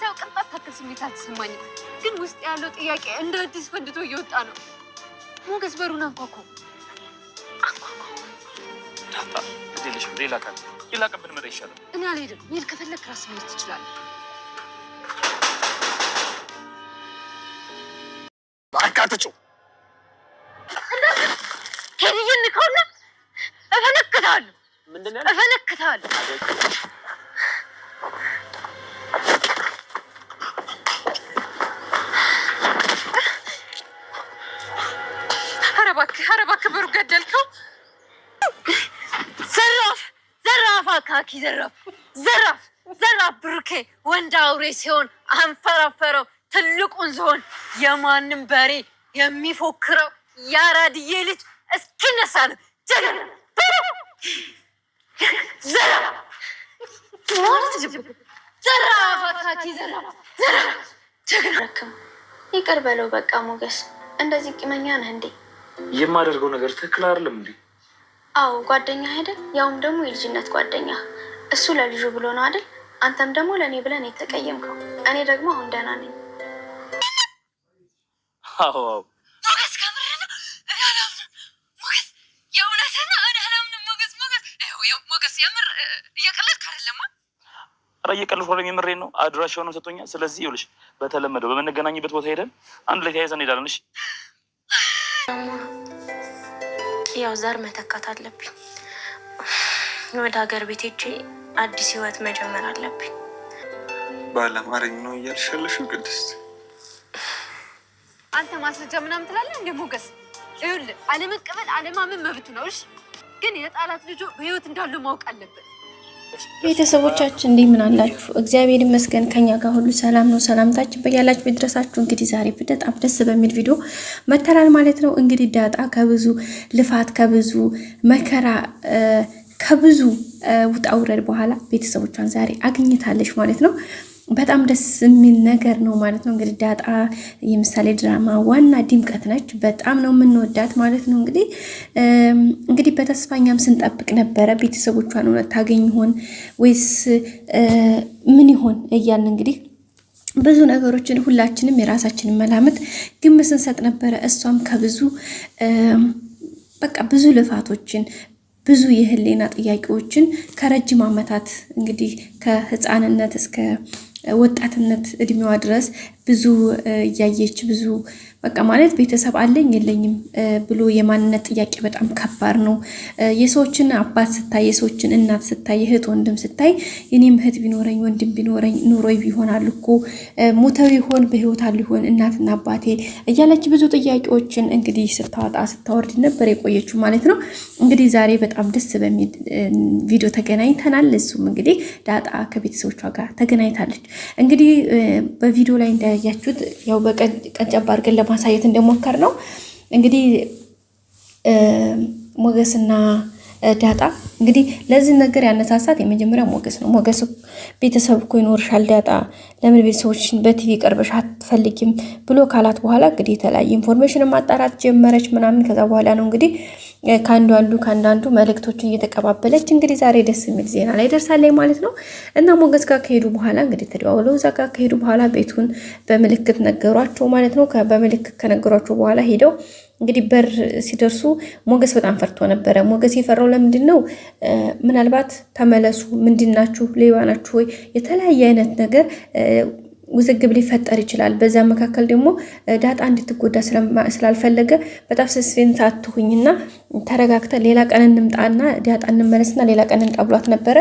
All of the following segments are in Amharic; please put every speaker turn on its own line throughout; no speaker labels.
ሰው ቅንጣት ታክል ስሜት አልተሰማኝም፣ ግን ውስጥ ያለው ጥያቄ እንደ አዲስ ፈንድቶ እየወጣ ነው። ሞገስ በሩን አንኳኳ።
ሌላ ቀን ሌላ ቀን ብንመጣ ይሻላል።
እኔ አልሄድም። መሄድ ከፈለግ ራስ መሄድ ትችላለህ። አካትጩ ከሆነ እፈነክታለሁ፣ እፈነክታለሁ ገደልከው? ዘራፍ ዘራፍ፣ አካኪ ዘራፍ ዘራፍ ዘራፍ። ብሩኬ ወንድ አውሬ ሲሆን አንፈራፈረው። ትልቁን ዝሆን የማንም በሬ የሚፎክረው ያራድዬ ልጅ እስኪነሳ ነው። ዘራፍ
ይቅር በለው በቃ ሞገስ፣ እንደዚህ ቂመኛ ነህ እንዴ?
የማደርገው ነገር ትክክል አይደለም እንዴ?
አዎ ጓደኛ አይደል? ያውም ደግሞ የልጅነት ጓደኛ። እሱ ለልጁ ብሎ ነው አይደል? አንተም ደግሞ ለእኔ ብለን የተቀየምከው። እኔ ደግሞ አሁን ደህና ነኝ።
አዎ እየቀለድኩ አይደለም፣ የምሬ ነው። አድራሻውንም ሰጥቶኛል። ስለዚህ ይኸውልሽ፣ በተለመደው በምንገናኝበት ቦታ ሄደን አንድ ላይ ተያይዘን እንሄዳለን። እሺ
ያው ዘር መተካት አለብኝ። ወደ ሀገር ቤት ሄጄ አዲስ ህይወት መጀመር አለብኝ።
ባለማረኝ ነው እያልሻለሽ ቅድስት?
አንተ ማስረጃ ምናምን ትላለህ እንደ ሞገስ። ይኸውልህ አለመቀበል አለማመን መብቱ ነው። እሺ ግን የጣላት ልጆ በህይወት እንዳሉ ማወቅ አለብን።
ቤተሰቦቻችን እንዲህ ምን አላችሁ? እግዚአብሔር ይመስገን ከኛ ጋር ሁሉ ሰላም ነው። ሰላምታችን በያላችሁ ቢድረሳችሁ። እንግዲህ ዛሬ በጣም ደስ በሚል ቪዲዮ መተላል ማለት ነው። እንግዲህ ዳጣ ከብዙ ልፋት ከብዙ መከራ ከብዙ ውጣ ውረድ በኋላ ቤተሰቦቿን ዛሬ አግኝታለች ማለት ነው። በጣም ደስ የሚል ነገር ነው ማለት ነው። እንግዲህ ዳጣ የምሳሌ ድራማ ዋና ድምቀት ነች። በጣም ነው የምንወዳት ማለት ነው። እንግዲህ እንግዲህ በተስፋኛም ስንጠብቅ ነበረ ቤተሰቦቿን እውነት ታገኝ ይሆን ወይስ ምን ይሆን እያልን እንግዲህ ብዙ ነገሮችን ሁላችንም የራሳችንን መላምት ግምት ስንሰጥ ነበረ። እሷም ከብዙ በቃ ብዙ ልፋቶችን ብዙ የህሊና ጥያቄዎችን ከረጅም ዓመታት እንግዲህ ከህፃንነት እስከ ወጣትነት እድሜዋ ድረስ ብዙ እያየች ብዙ በቃ ማለት ቤተሰብ አለኝ የለኝም ብሎ የማንነት ጥያቄ በጣም ከባድ ነው። የሰዎችን አባት ስታይ፣ የሰዎችን እናት ስታይ፣ እህት ወንድም ስታይ የኔም እህት ቢኖረኝ ወንድም ቢኖረኝ ኑሮ ቢሆናል እኮ ሞተው ይሆን በህይወት ይሆን እናትና አባቴ እያለች ብዙ ጥያቄዎችን እንግዲህ ስታወጣ ስታወርድ ነበር የቆየችው ማለት ነው። እንግዲህ ዛሬ በጣም ደስ በሚል ቪዲዮ ተገናኝተናል። እሱም እንግዲህ ዳጣ ከቤተሰቦቿ ጋር ተገናኝታለች። እንግዲህ በቪዲዮ ላይ እንዳያችሁት ያው በቀንጨባ አድርገን ለማሳየት እንደሞከር ነው እንግዲህ ሞገስና ዳጣ እንግዲህ ለዚህ ነገር ያነሳሳት የመጀመሪያ ሞገስ ነው። ሞገስ ቤተሰብ እኮ ይኖርሻል ዳጣ ለምን ቤተሰቦችን በቲቪ ቀርበሽ አትፈልጊም ብሎ ካላት በኋላ እንግዲህ የተለያየ ኢንፎርሜሽን ማጣራት ጀመረች ምናምን። ከዛ በኋላ ነው እንግዲህ ከአንዱ አንዱ ከአንዳንዱ መልእክቶችን እየተቀባበለች እንግዲህ ዛሬ ደስ የሚል ዜና ላይ ደርሳለች ማለት ነው። እና ሞገስ ጋር ከሄዱ በኋላ እንግዲህ ተደዋውለው እዛ ጋር ከሄዱ በኋላ ቤቱን በምልክት ነገሯቸው ማለት ነው። በምልክት ከነገሯቸው በኋላ ሄደው እንግዲህ በር ሲደርሱ ሞገስ በጣም ፈርቶ ነበረ። ሞገስ የፈራው ለምንድን ነው? ምናልባት ተመለሱ፣ ምንድናችሁ፣ ሌባ ናችሁ ወይ የተለያየ አይነት ነገር ውዝግብ ሊፈጠር ይችላል። በዛ መካከል ደግሞ ዳጣ እንድትጎዳ ስላልፈለገ በጣም ስስፌን ሳትሁኝና ተረጋግተ ሌላ ቀን እንምጣና ዳጣ እንመለስና ሌላ ቀን እንምጣ ብሏት ነበረ።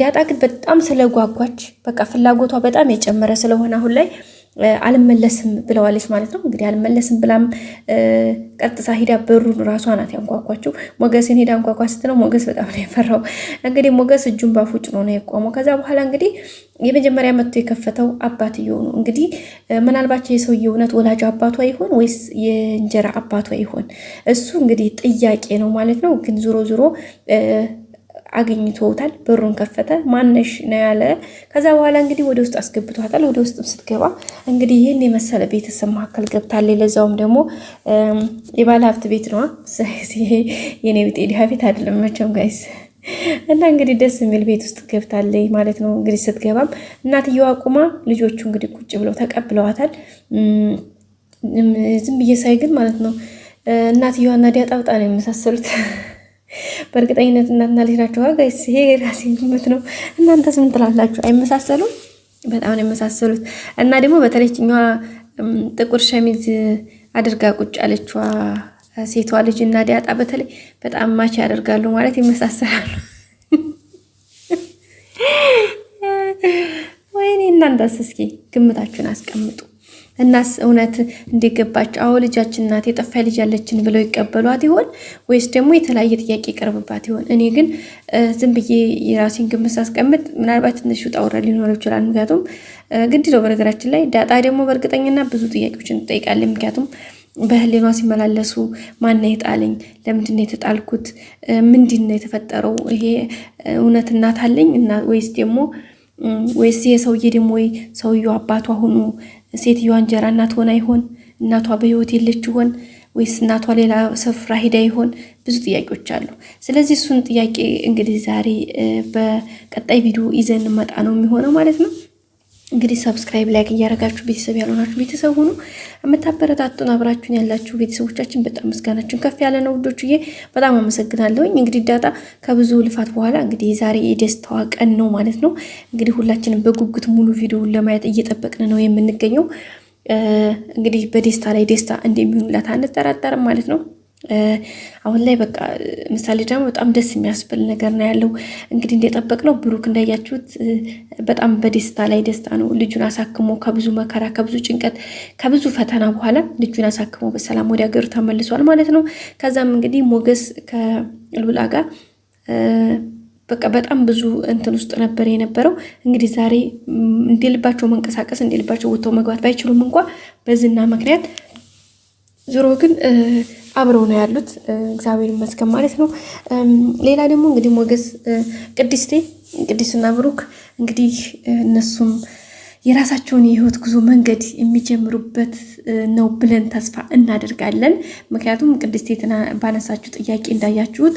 ዳጣ ግን በጣም ስለጓጓች በቃ ፍላጎቷ በጣም የጨመረ ስለሆነ አሁን ላይ አልመለስም ብለዋለች ማለት ነው። እንግዲህ አልመለስም ብላም ቀጥታ ሂዳ በሩን ራሷ ናት ያንኳኳችው። ሞገስን ሄዳ አንኳኳ ስትለው ሞገስ በጣም ነው የፈራው። እንግዲህ ሞገስ እጁን ባፉጭ ነው ነው የቆመው። ከዛ በኋላ እንግዲህ የመጀመሪያ መጥቶ የከፈተው አባትየው ነው። እንግዲህ ምናልባቸው የሰው እውነት ወላጅ አባቷ ይሆን ወይስ የእንጀራ አባቷ ይሆን? እሱ እንግዲህ ጥያቄ ነው ማለት ነው። ግን ዞሮ ዞሮ አግኝቶታል። በሩን ከፈተ። ማነሽ ነው ያለ። ከዛ በኋላ እንግዲህ ወደ ውስጥ አስገብቷታል። ወደ ውስጥም ስትገባ እንግዲህ ይህን የመሰለ ቤተሰብ መካከል ገብታለች። ለዛውም ደግሞ የባለ ሀብት ቤት ነዋ። የኔ ቤት ቤት አይደለም መቼም ጋይስ። እና እንግዲህ ደስ የሚል ቤት ውስጥ ገብታለች ማለት ነው። እንግዲህ ስትገባም እናትየዋ ቁማ፣ ልጆቹ እንግዲህ ቁጭ ብለው ተቀብለዋታል። ዝም ብዬ ሳይ ግን ማለት ነው እናትየዋ እና ዲያጣብጣ ነው የመሳሰሉት። በእርግጠኝነት እናትና ልጅ ናቸው። ይሄ የራሴ ግምት ነው። እናንተስ ምን ትላላችሁ? አይመሳሰሉም? በጣም ነው የመሳሰሉት። እና ደግሞ በተለይ ጥቁር ሸሚዝ አድርጋ ቁጭ ያለችዋ ሴቷ ልጅ እና ዲያጣ በተለይ በጣም ማች ያደርጋሉ ማለት ይመሳሰላሉ። ወይኔ እናንተስ እስኪ ግምታችሁን አስቀምጡ። እናስ እውነት እንደገባች አዎ ልጃችን እናት የጠፋ ልጅ ያለችን ብለው ይቀበሏት ይሆን ወይስ ደግሞ የተለያየ ጥያቄ ይቀርብባት ይሆን? እኔ ግን ዝም ብዬ የራሴን ግምት ሳስቀምጥ ምናልባት ትንሽ ውጣ ውረድ ሊኖረው ይችላል። ምክንያቱም ግድ ነው። በነገራችን ላይ ዳጣ ደግሞ በእርግጠኝና ብዙ ጥያቄዎችን ትጠይቃለች። ምክንያቱም በህሊኗ ሲመላለሱ ማን የጣለኝ? ለምንድን ነው የተጣልኩት? ምንድን ነው የተፈጠረው? ይሄ እውነት እናት አለኝ ወይስ ደግሞ ወይስ ይሄ ሰውዬ ደግሞ ወይ ሰውየው አባቷ ሆኖ ሴትዮዋ እንጀራ እናት ሆና ይሆን? እናቷ በህይወት የለች ይሆን? ወይስ እናቷ ሌላ ስፍራ ሂዳ ይሆን? ብዙ ጥያቄዎች አሉ። ስለዚህ እሱን ጥያቄ እንግዲህ ዛሬ በቀጣይ ቪዲዮ ይዘን እንመጣ ነው የሚሆነው ማለት ነው። እንግዲህ ሰብስክራይብ ላይክ እያደረጋችሁ ቤተሰብ ያልሆናችሁ ቤተሰብ ሁኑ። የምታበረታቱን አብራችሁን ያላችሁ ቤተሰቦቻችን በጣም ምስጋናችን ከፍ ያለ ነው። ውዶችዬ በጣም አመሰግናለሁኝ። እንግዲህ ዳጣ ከብዙ ልፋት በኋላ እንግዲህ የዛሬ የደስታዋ ቀን ነው ማለት ነው። እንግዲህ ሁላችንም በጉጉት ሙሉ ቪዲዮውን ለማየት እየጠበቅን ነው የምንገኘው። እንግዲህ በደስታ ላይ ደስታ እንደሚሆንላት አንጠራጠርም ማለት ነው። አሁን ላይ በቃ ምሳሌ ደግሞ በጣም ደስ የሚያስብል ነገር ነው ያለው። እንግዲህ እንደጠበቅነው ብሩክ እንዳያችሁት በጣም በደስታ ላይ ደስታ ነው። ልጁን አሳክሞ ከብዙ መከራ፣ ከብዙ ጭንቀት፣ ከብዙ ፈተና በኋላ ልጁን አሳክሞ በሰላም ወደ ሀገሩ ተመልሷል ማለት ነው። ከዛም እንግዲህ ሞገስ ከሉላ ጋር በቃ በጣም ብዙ እንትን ውስጥ ነበር የነበረው። እንግዲህ ዛሬ እንደልባቸው መንቀሳቀስ እንደልባቸው ወጥተው መግባት ባይችሉም እንኳ በዝና ምክንያት ዞሮ ግን አብረው ነው ያሉት። እግዚአብሔር ይመስገን ማለት ነው። ሌላ ደግሞ እንግዲህ ሞገስ ቅድስቴ፣ ቅድስና ብሩክ እንግዲህ እነሱም የራሳቸውን የህይወት ጉዞ መንገድ የሚጀምሩበት ነው ብለን ተስፋ እናደርጋለን። ምክንያቱም ቅድስቴ ባነሳችሁ ጥያቄ እንዳያችሁት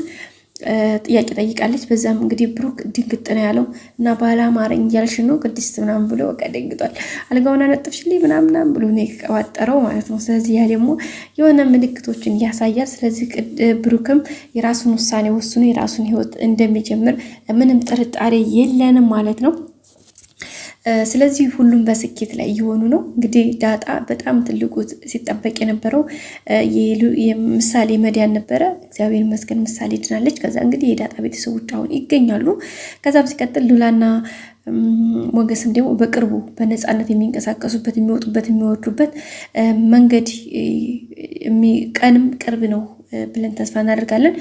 ጥያቄ ጠይቃለች። በዛም እንግዲህ ብሩክ ድንግጥ ነው ያለው እና ባላማረኝ እያልሽ ነው ቅድስት ምናምን ብሎ በቃ ደንግጧል። አልጋውን አነጥፍሽልኝ ምናምናም ብሎ ነው የቀባጠረው ማለት ነው። ስለዚህ ያ ደግሞ የሆነ ምልክቶችን ያሳያል። ስለዚህ ብሩክም የራሱን ውሳኔ ወስኖ የራሱን ህይወት እንደሚጀምር ምንም ጥርጣሬ የለንም ማለት ነው። ስለዚህ ሁሉም በስኬት ላይ እየሆኑ ነው። እንግዲህ ዳጣ በጣም ትልቁ ሲጠበቅ የነበረው ምሳሌ መዳን ነበረ። እግዚአብሔር ይመስገን ምሳሌ ድናለች። ከዛ እንግዲህ የዳጣ ቤተሰቦች አሁን ይገኛሉ። ከዛም ሲቀጥል ሉላና ሞገስም ደግሞ በቅርቡ በነፃነት የሚንቀሳቀሱበት የሚወጡበት የሚወርዱበት መንገድ ቀንም ቅርብ ነው ብለን ተስፋ እናደርጋለን።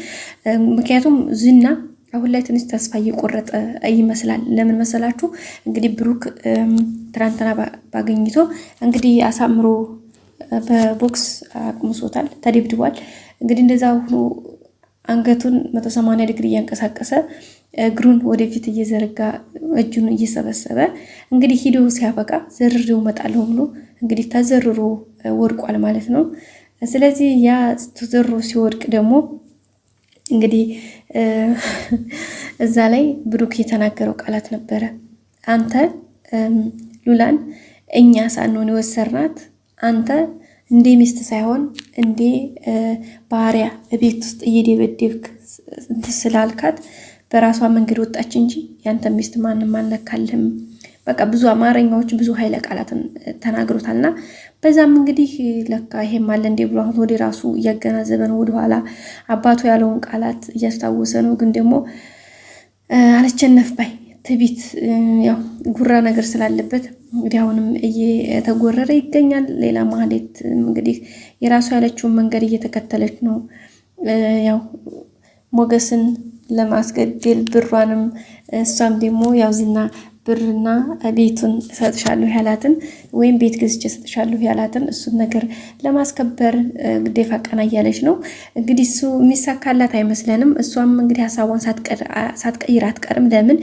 ምክንያቱም ዝና አሁን ላይ ትንሽ ተስፋ እየቆረጠ ይመስላል። ለምን መሰላችሁ? እንግዲህ ብሩክ ትናንትና ባገኝቶ እንግዲህ አሳምሮ በቦክስ አቅምሶታል፣ ተደብድቧል። እንግዲህ እንደዛ ሁሉ አንገቱን 180 ዲግሪ እያንቀሳቀሰ እግሩን ወደፊት እየዘረጋ እጁን እየሰበሰበ እንግዲህ ሂዶ ሲያበቃ ዘርሬው እመጣለሁ ብሎ እንግዲህ ተዘርሮ ወድቋል ማለት ነው። ስለዚህ ያ ተዘርሮ ሲወድቅ ደግሞ እንግዲህ እዛ ላይ ብሩክ የተናገረው ቃላት ነበረ። አንተ ሉላን እኛ ሳንሆን የወሰርናት አንተ እንዴ ሚስት ሳይሆን እንዴ ባህሪያ ቤት ውስጥ እየደበደብክ ስላልካት በራሷ መንገድ ወጣች እንጂ ያንተ ሚስት ማንም አልነካልህም። በቃ ብዙ አማርኛዎች ብዙ ኃይለ ቃላትን ተናግሮታልና በዛም እንግዲህ ለካ ይሄም አለ እንዴ ብሎ አሁን ወደ ራሱ እያገናዘበ ነው። ወደኋላ አባቱ ያለውን ቃላት እያስታወሰ ነው። ግን ደግሞ አለቸነፍ ባይ ትቢት ያው ጉራ ነገር ስላለበት እንግዲህ አሁንም እየተጎረረ ይገኛል። ሌላ ማህሌት እንግዲህ የራሱ ያለችውን መንገድ እየተከተለች ነው። ያው ሞገስን ለማስገደል ብሯንም እሷም ደግሞ ያው ዝና ብርና ቤቱን እሰጥሻለሁ ያላትን ወይም ቤት ገዝቼ እሰጥሻለሁ ያላትን እሱን ነገር ለማስከበር ግዴፋ ቀና እያለች ነው እንግዲህ። እሱ የሚሳካላት አይመስለንም። እሷም እንግዲህ ሀሳቧን ሳትቀይር አትቀርም። ለምን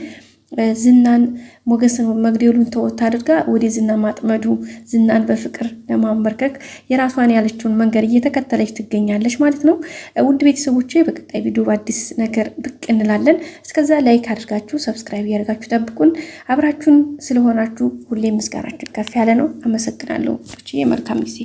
ዝናን ሞገስን መግደሉን ተወት አድርጋ ወደ ዝና ማጥመዱ ዝናን በፍቅር ለማንበርከክ የራሷን ያለችውን መንገድ እየተከተለች ትገኛለች ማለት ነው። ውድ ቤተሰቦች በቀጣይ ቪዲዮ በአዲስ ነገር ብቅ እንላለን። እስከዛ ላይክ አድርጋችሁ ሰብስክራይብ እያደርጋችሁ ጠብቁን። አብራችሁን ስለሆናችሁ ሁሌ ምስጋናችን ከፍ ያለ ነው። አመሰግናለሁ። መልካም ጊዜ